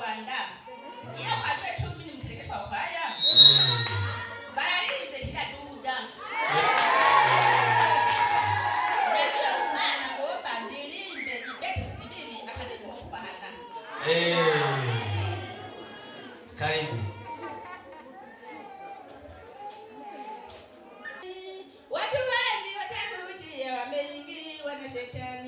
kuandaa ila ukajua tu mimi ni kwaya baralilize kila duda najua kumana kuomba ndilimbe ibete sibili akadikuokupa hata eh. karibu watu wengi watakujiwa wameingiwa na shetani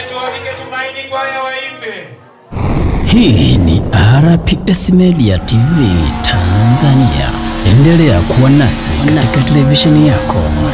Tuwavike tumaini waimbe. Hii ni RPS Media TV Tanzania. Endelea kuwa nasi katika televisheni yako.